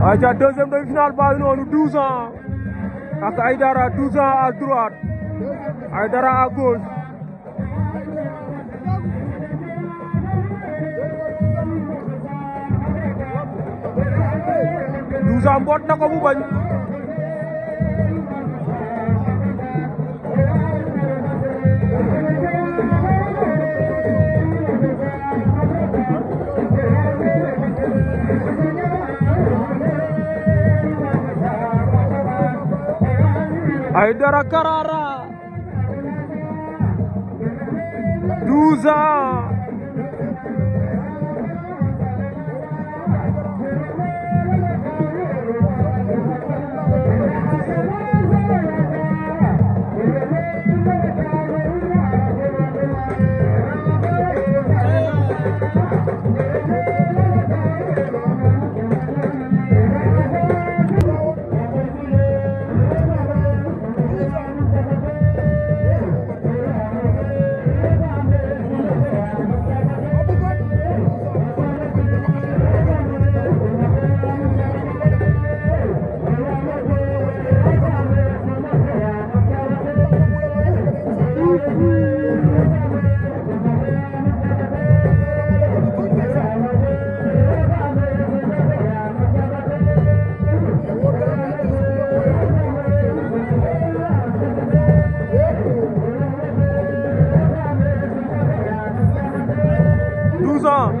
waaye ca deuxième demi-finale baa ngi noonu douze ans ak Aïdara douze ans à droite Aïdara à gauche douze bañ Aïdara Karara 12 ans douze ans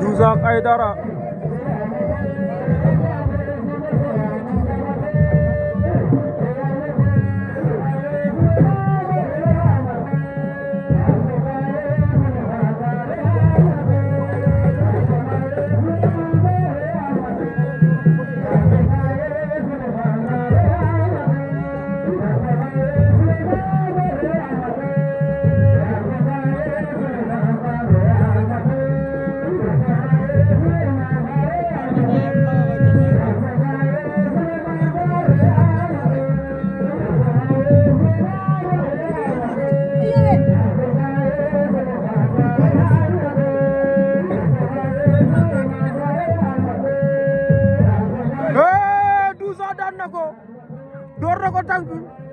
douze ans Aidara na ko door na ko tànk bi